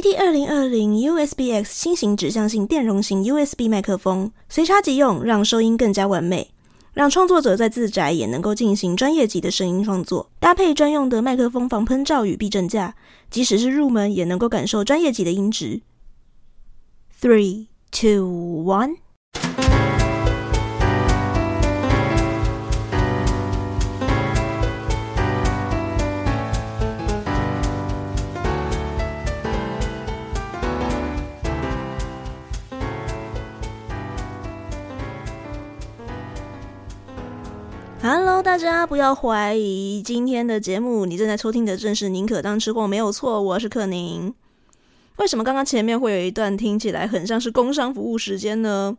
AT 二零二零 USB X 新型指向性電容型 USB 麥克風，隨插即用，讓收音更加完美，讓創作者在自宅也能夠進行專業級的聲音創作。搭配專用的麥克風防噴罩與避震架，即使是入門也能夠感受專業級的音質。Three, two, one. Hello，大家不要懷疑，今天的節目你正在收聽的正是寧可當吃貨沒有錯，我是克寧。為什麼剛剛前面會有一段聽起來很像是工商服務時間呢？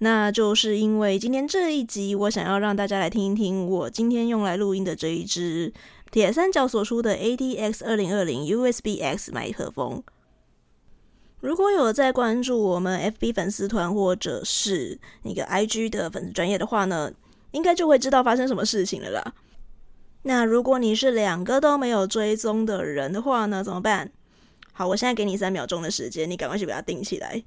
那就是因為今天這一集我想要讓大家來聽一聽我今天用來錄音的這一支鐵三角所出的 AT2020USB-X 麥克風。如果有在關注我們 FB 粉絲團或者是那個 IG 的粉絲專頁的話呢，應該就會知道發生什麼事情了啦。那如果你是兩個都沒有追蹤的人的話呢？怎麼辦？好，我現在給你三秒鐘的時間，你趕快去把它訂起來。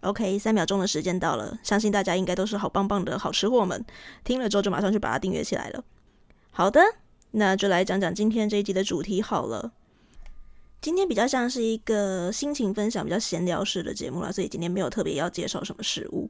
OK，三秒鐘的時間到了，相信大家應該都是好棒棒的好吃貨們，聽了之後就馬上去把它訂閱起來了。好的，那就來講講今天這一集的主題好了。今天比較像是一個心情分享，比較閒聊式的節目啦，所以今天沒有特別要介紹什麼事物。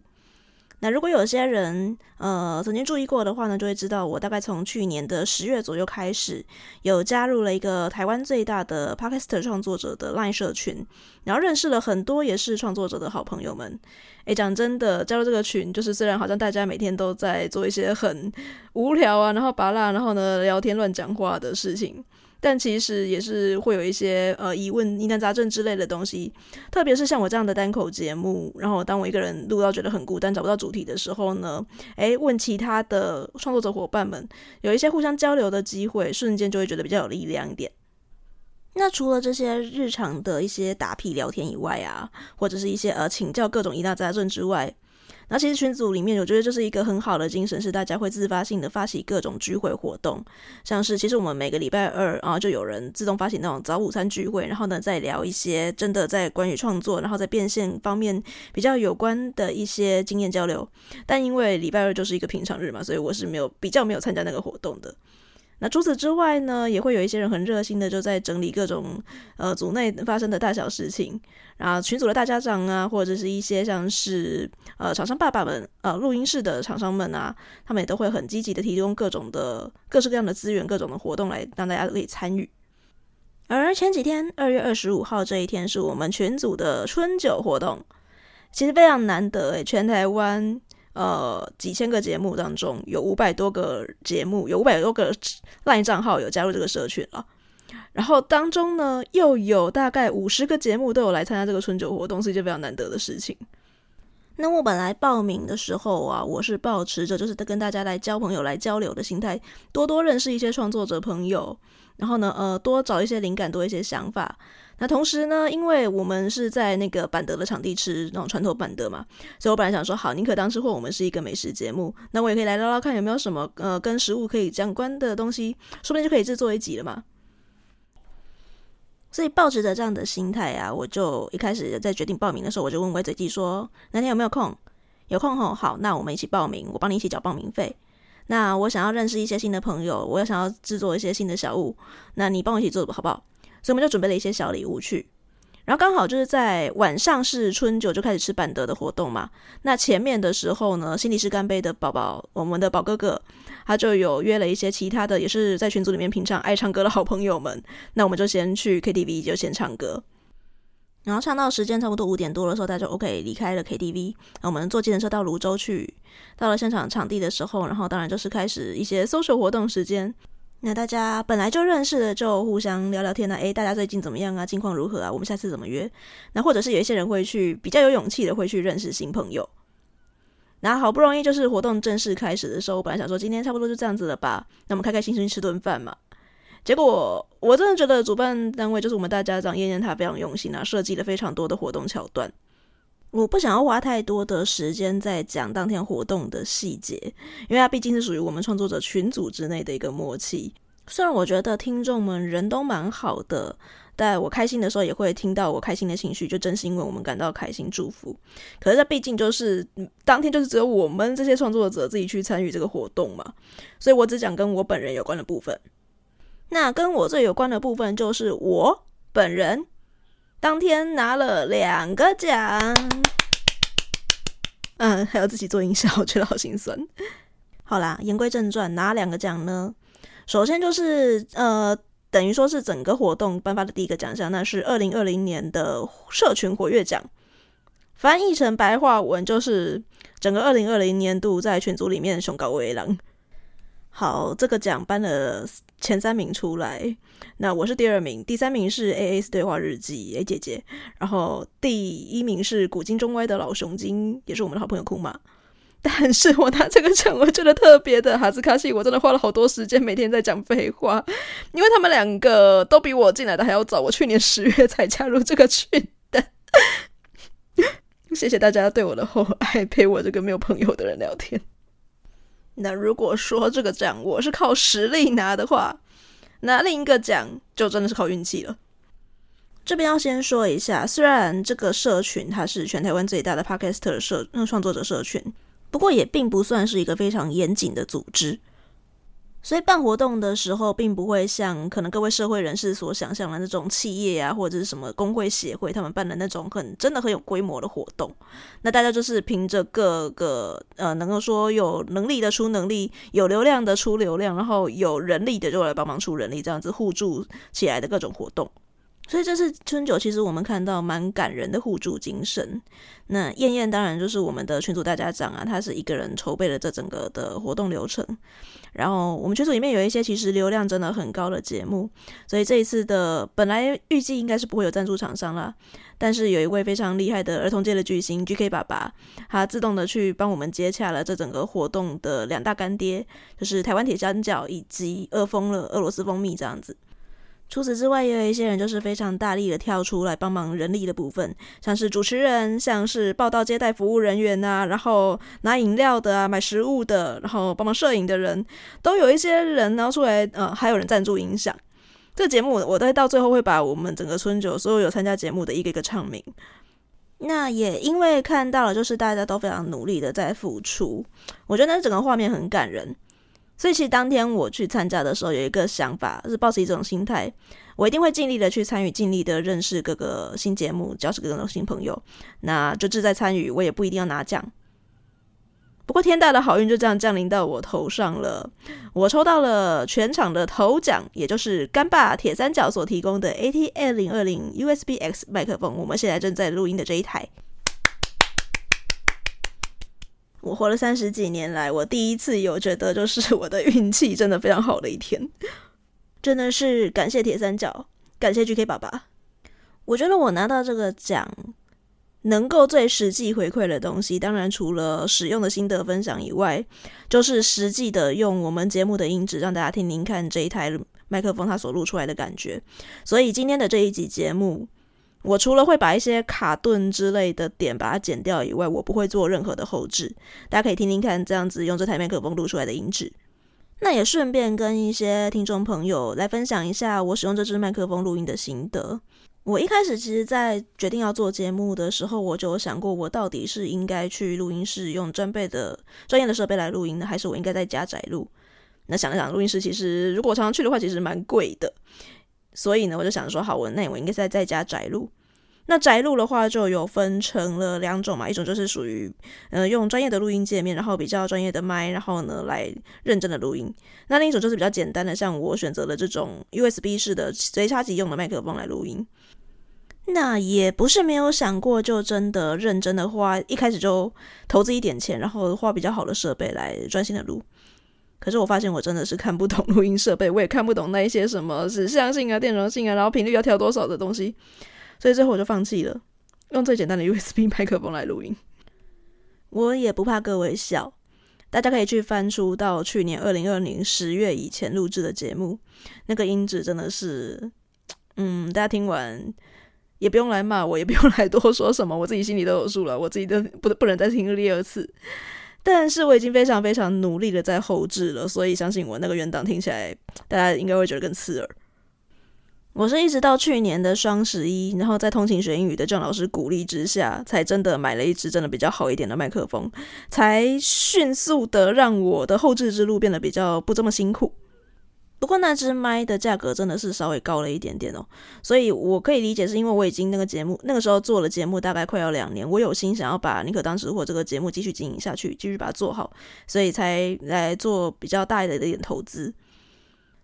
那如果有些人呃曾經注意過的話呢，就會知道我大概從去年的十月左右開始，有加入了一個台灣最大的 Podcaster 創作者的 Line 社群，然後認識了很多也是創作者的好朋友們。誒、欸，講真的，加入這個群就是雖然好像大家每天都在做一些很無聊啊，然後拔辣，然後呢聊天亂講話的事情。但其實也是會有一些呃疑問、疑難雜症之類的東西，特別是像我這樣的單口節目，然後當我一個人錄到覺得很孤單，找不到主題的時候呢，誒，問其他的創作者夥伴們，有一些互相交流的機會，瞬間就會覺得比較有力量一點。那除了這些日常的一些打屁聊天以外啊，或者是一些呃請教各種疑難雜症之外。那其實群組裡面，我覺得這是一個很好的精神，是大家會自，自發性的發起各種聚會活動，像是其實我們每個禮拜二，啊，就有人自動發起那種早午餐聚會，然後呢再聊一些真的在關於創作，然後在變現方面比較有關的一些經驗交流。但因為禮拜二就是一個平常日嘛，所以我是沒有比較沒有參加那個活動的。那除此之外呢，也會有一些人很熱心的就在整理各種呃組內發生的大小事情，然後群組的大家長啊，或者是一些像是呃廠商爸爸們，呃錄音室的廠商們啊，他們也都會很積極的提供各種的各式各樣的資源，各種的活動來讓大家可以參與。而前幾天二月二十五號這一天是我們群組的春酒活動，其實非常難得耶，全台灣。呃，幾千個節目當中，有五百多個節目，有五百多個 LINE 賬號有加入這個社群了。然後當中呢，又有大概五十個節目都有來參加這個春酒活動，是一件非常難得的事情。那我本來報名的時候啊，我是抱持著，就是跟大家來交朋友、來交流的心態，多多認識一些創作者朋友，然後呢，呃，多找一些靈感，多一些想法。那同時呢，因為我們是在那個板德的場地吃那種傳統板德嘛，所以我本來想說，好，寧可當吃貨，我們是一個美食節目，那我也可以來嘮嘮看有沒有什麼呃跟食物可以相關的東西，說不定就可以製作一集了嘛。所以抱持著這樣的心態啊，我就一開始在決定報名的時候，我就問歪嘴記說，那天有沒有空？有空吼，好，那我們一起報名，我幫你一起繳報名費。那我想要認識一些新的朋友，我也想要製作一些新的小物，那你幫我一起做吧，好不好？所以我們就準備了一些小禮物去，然後剛好就是在晚上是春酒就開始吃板德的活動嘛。那前面的時候呢，心理師乾杯的寶寶，我們的寶哥哥，他就有約了一些其他的，也是在群組裡面平常愛唱歌的好朋友們。那我們就先去 KTV 就先唱歌，然後唱到時間差不多五點多的時候，大家就 OK 離開了 KTV。我們坐計程車到蘆洲去，到了現場場地的時候，然後當然就是開始一些 social 活動時間。那大家本來就認識的，就互相聊聊天啊，誒，大家最近怎麼樣啊，近況如何啊，我們下次怎麼約？那或者是有一些人會去比較有勇氣的，會去認識新朋友。那好不容易就是活動正式開始的時候，我本來想說今天差不多就這樣子了吧，那我們開開心心吃頓飯嘛。結果我真的覺得主辦單位就是我們大家長燕燕，她非常用心啊，設計了非常多的活動橋段。我不想要花太多的時間在講當天活動的細節，因為它畢竟是屬於我們創作者群組之內的一個默契。雖然我覺得聽眾們人都蠻好的，但我開心的時候也會聽到我開心的情緒，就真心為我們感到開心祝福。可是這畢竟就是當天，就是只有我們這些創作者自己去參與這個活動嘛，所以我只講跟我本人有關的部分。那跟我最有關的部分就是我本人。當天拿了兩個獎， 嗯，還要自己做營銷，我覺得好心酸。 好啦，言歸正傳，拿兩個獎呢。首先就是呃，等於說是整個活動頒發的第一個獎項，那是二零二零年的社群活躍獎，翻譯成白話文就是整個二零二零年度在群組裡面雄高威狼。好，這個獎頒了前三名出來，那我是第二名，第三名是 AAS 對話日誌 a、欸、姐姐，然後第一名是古今中歪的老熊精，也是我們的好朋友庫瑪。但是我拿這個獎，我覺得特別的哈斯卡西，我真的花了好多時間每天在講廢話，因為他們兩個都比我進來的還要早，我去年十月才加入這個群的。 謝謝大家對我的厚愛，陪我這個沒有朋友的人聊天。那如果說這個獎我是靠實力拿的話，那另一個獎就真的是靠運氣了。這邊要先說一下，雖然這個社群它是全台灣最大的 Podcaster 社，嗯，創作者社群，不過也並不算是一個非常嚴謹的組織。所以辦活動的時候，並不會像可能各位社會人士所想象的那種企業啊，或者是什麼工會協會他們辦的那種很真的很有規模的活動。那大家就是憑着各個呃能夠說有能力的出能力，有流量的出流量，然後有人力的就來幫忙出人力，這樣子互助起來的各種活動。所以這次春酒，其實我們看到蠻感人的互助精神。那燕燕當然就是我們的群主大家長啊，他是一個人籌備了這整個的活動流程。然後我們群組裡面有一些其實流量真的很高的節目，所以這一次的本來預計應該是不會有贊助廠商啦，但是有一位非常厲害的兒童界的巨星 GK 爸爸，他自動的去幫我們接洽了這整個活動的兩大乾爹，就是台灣鐵三角以及俄蜂了俄羅斯蜂蜜這樣子。除此之外，也有一些人就是非常大力的跳出來幫忙人力的部分，像是主持人，像是報到、接待服務人員吶、啊，然後拿飲料的啊，買食物的，然後幫忙攝影的人，都有一些人，然後出來，呃，還有人贊助影響這個節目。我都會到最後會把我們整個春酒所有有參加節目的一個一個唱名。那也因為看到了，就是大家都非常努力的在付出，我覺得那整個畫面很感人。所以其實當天我去參加的時候，有一個想法，是抱持一種心態，我一定會盡力的去參與，盡力的認識各個新節目，交識各種新朋友。那就志在參與，我也不一定要拿獎。不過天大的好運就這樣降臨到我頭上了，我抽到了全場的頭獎，也就是乾爸鐵三角所提供的 AT2020USB-X 麥克風，我們現在正在錄音的這一台。我活了三十幾年來，我第一次有覺得，就是我的運氣真的非常好的一天，真的是感謝鐵三角，感謝 GK 爸爸。我覺得我拿到這個獎，能夠最實際回饋的東西，當然除了使用的心得分享以外，就是實際的用我們節目的音質讓大家聽聽看這一台麥克風它所錄出來的感覺。所以今天的這一集節目。我除了會把一些卡頓之類的點把它剪掉以外，我不會做任何的後置。大家可以聽聽看，這樣子用這台麥克風錄出來的音質。那也順便跟一些聽眾朋友來分享一下我使用這只麥克風錄音的心得。我一開始其實在決定要做節目的時候，我就有想過我到底是應該去錄音室用專業的專業的設備來錄音呢，還是我應該在家宅錄。那想了想，錄音室其實如果我常常去的話，其實蠻貴的。所以呢，我就想說，好，我那我應該是在在家宅錄。那宅錄的話，就有分成了兩種嘛，一種就是屬於，呃，用專業的錄音界面，然後比較專業的麥，然後呢來認真的錄音。那另一種就是比較簡單的，像我選擇了這種 USB 式的隨插即用的麥克風來錄音。那也不是沒有想過，就真的認真的花，一開始就投資一點錢，然後花比較好的設備來專心的錄。可是我發現我真的是看不懂錄音設備，我也看不懂那一些什麼指向性啊、電容性啊，然後頻率要調多少的東西，所以最後我就放棄了，用最簡單的 USB 麥克風來錄音。我也不怕各位笑，大家可以去翻出到去年二零二零年十月以前錄制的節目，那個音質真的是，嗯，大家聽完也不用來罵我，也不用來多說什麼，我自己心裡都有數了，我自己都不不能再聽第二次。但是我已經非常非常努力的在後製了，所以相信我那個原檔聽起來大家應該會覺得更刺耳。我是一直到去年的雙十一，然後在通勤學英語的鄭老師鼓勵之下，才真的買了一支真的比較好一點的麥克風，才迅速的讓我的後製之路變得比較不這麼辛苦。不過那隻麥的價格真的是稍微高了一點點哦，所以我可以理解，是因為我已經那個節目那個時候做了節目，大概快要兩年，我有心想要把寧可當吃貨這個節目繼續經營下去，繼續把它做好，所以才來做比較大一點的投資。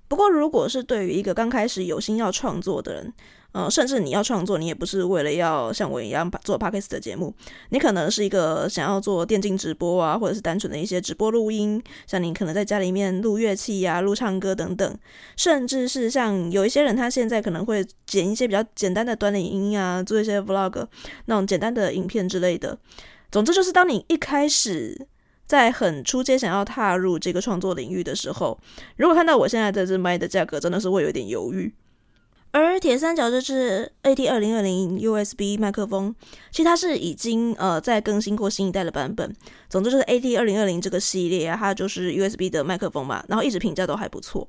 不過，如果是對於一個剛開始有心要創作的人，呃，甚至你要創作，你也不是為了要像我一樣做 podcast 的節目，你可能是一個想要做電競直播啊，或者是單純的一些直播錄音，像你可能在家裡面錄樂器啊、錄唱歌等等，甚至是像有一些人他現在可能會剪一些比較簡單的短的音啊，做一些 vlog 那種簡單的影片之類的。總之，就是當你一開始，在很初階想要踏入這個創作領域的時候，如果看到我現在這隻麥的價格，真的是會有點猶豫。而鐵三角這隻 A T 二零二零 U S B 麥克風，其實它是已經呃在更新過新一代的版本。總之就是 A T 二零二零這個系列啊，它就是 U S B 的麥克風嘛，然後一直評價都還不錯。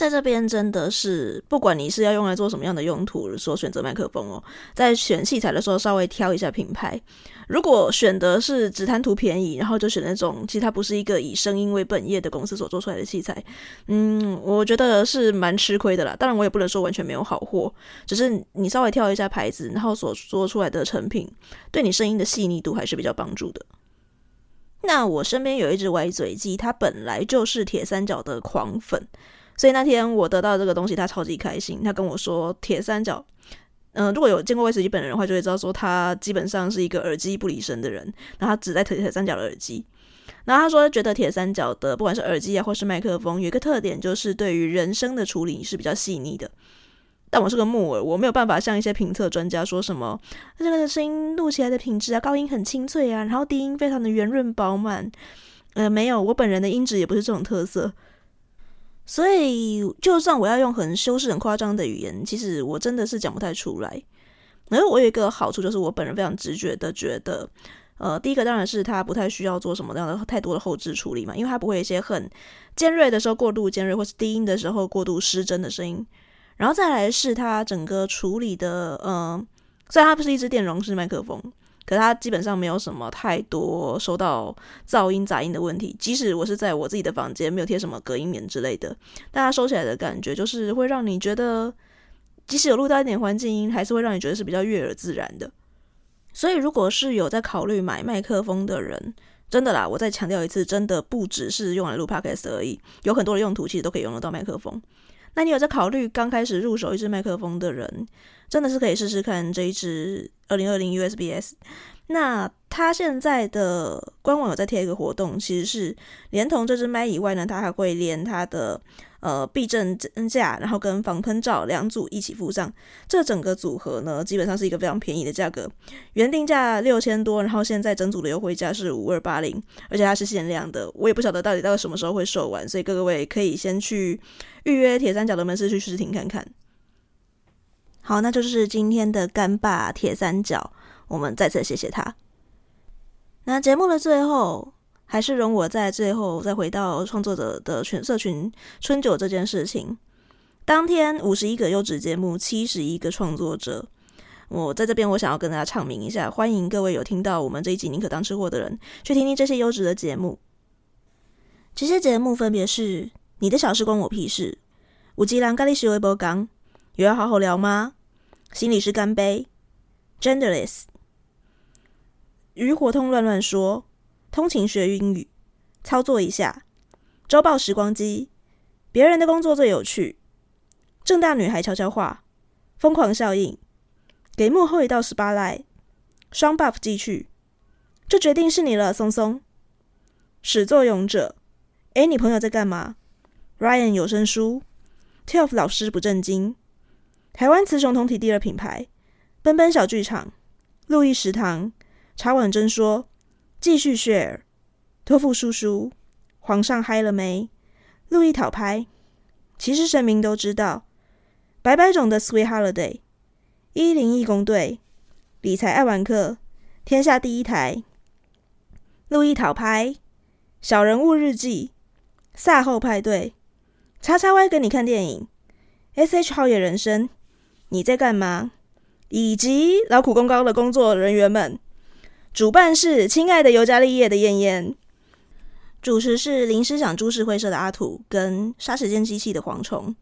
在這邊真的是，不管你是要用來做什麼樣的用途，所選擇麥克風哦，在選器材的時候稍微挑一下品牌。如果選的是只貪圖便宜，然後就選那種，其實它不是一個以聲音為本業的公司所做出來的器材，嗯，我覺得是蠻吃虧的啦。當然，我也不能說完全沒有好貨，只是你稍微挑一下牌子，然後所做出來的成品，對你聲音的細膩度還是比較幫助的。那我身邊有一只歪嘴雞，它本來就是鐵三角的狂粉。所以那天我得到這個東西，他超級開心。他跟我說，鐵三角，嗯、呃，如果有見過魏士杰本人的話，就會知道說他基本上是一個耳機不離身的人，然後他只戴鐵三角的耳機。然後他說，覺得鐵三角的不管是耳機啊，或是麥克風，有一個特點就是對於人聲的處理是比較細膩的。但我是個木耳，我沒有辦法像一些評測專家說什麼，這個聲音錄起來的品質啊，高音很清脆啊，然後低音非常的圓潤飽滿滿。呃，沒有，我本人的音質也不是這種特色。所以，就算我要用很修飾、很誇張的語言，其實我真的是講不太出來。然後我有一個好處，就是我本人非常直覺的覺得，呃，第一個當然是它不太需要做什麼樣的太多的後製處理嘛，因為它不會一些很尖銳的時候過度尖銳，或是低音的時候過度失真的聲音。然後再來是它整個處理的，呃，雖然它不是一支電容式麥克風。可它基本上沒有什麼太多收到噪音雜音的問題，即使我是在我自己的房間沒有貼什麼隔音棉之類的，但它收起來的感覺就是會讓你覺得，即使有錄到一點環境音，還是會讓你覺得是比較悅耳自然的。所以，如果是有在考慮買麥克風的人，真的啦，我再強調一次，真的不只是用來錄 Podcast 而已，有很多的用途，其實都可以用得到麥克風。那你有在考慮剛開始入手一支麥克風的人，真的是可以試試看這一支二零二零 USB-X。那他現在的官網有在貼一個活動，其實是連同這支麥以外呢，他還會連他的呃避震架，然後跟防噴罩兩組一起附上。這整個組合呢，基本上是一個非常便宜的價格，原定價六千多，然後現在整組的優惠價是五二八零，而且它是限量的。我也不曉得到底到底什麼時候會售完，所以各位可以先去預約鐵三角的門市去試聽看看。好，那就是今天的乾爸鐵三角。我們再次謝謝他。那節目的最後，還是容我在最後再回到創作者的全社群春酒這件事情。當天五十一個優質節目，七十一個創作者。我在這邊，我想要跟大家唱名一下，歡迎各位有聽到我們這一集寧可當吃貨的人去聽聽這些優質的節目。這些節目分別是《你的小事關我屁事》、《五吉郎嘎哩修欸某剛》、《有要好好聊嗎》、《心理師乾杯》、《Genderless》。魚活通亂亂說，通勤學英語，操作一下。週報時光機，別人的工作最有趣。政大女孩悄悄話，瘋狂效應，給幕後一道 18Light，雙 buff 記趣。就決定是你了，松松。屎作勇者，誒你朋友在幹嘛？Ryan 有聲叔，TILF 老師不正經。台灣雌雄同體第二品牌，奔奔小劇場，路易食堂。茶碗蒸說：“紀續 share，TOFU 叔叔，皇上嗨了沒？鹿 YI 討拍，其實神明都知道。百百種的 Sweet Holiday，1 零異攻隊，理財愛玩客，天下第一台，鹿 YI 討拍，小人物日記，卅後派對，XXY 梗你看電影，SH 好野人生，你在幹嘛？以及勞苦功高的工作人員們。”主辦是親愛的尤加利葉的燕燕，主持是臨時想株式會社的阿土跟殺時間機器的蝗蟲，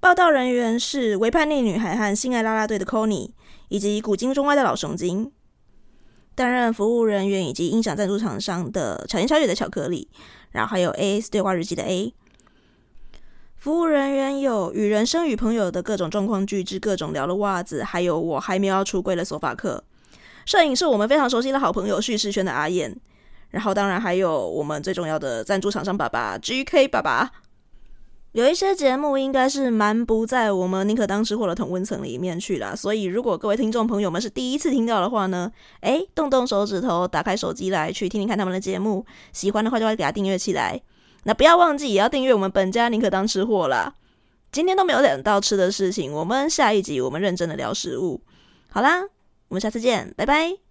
報道人員是微叛逆女孩和性愛拉拉隊的 Cony 以及古今中歪的老熊精，擔任服務人員以及音響贊助廠商的巧言巧語的巧克力，然後還有 AS 對話日誌的 A，服務人員有與人生與朋友的各種狀況劇-各種聊的襪子，還有我還沒有要出櫃的索法克。攝影是我們非常熟悉的好朋友，敘事圈的阿燕，然後當然還有我們最重要的贊助廠商爸爸 GK 爸爸。有一些節目應該是蠻不在我們寧可當吃貨的同溫層裡面去啦。所以如果各位聽眾朋友們是第一次聽到的話呢，哎、欸，動動手指頭，打開手機來去聽聽看他們的節目，喜歡的話就會給他訂閱起來。那不要忘記也要訂閱我們本家寧可當吃貨啦。今天都沒有聊到吃的事情，我們下一集我們認真的聊食物。好啦。我們下次見，拜拜。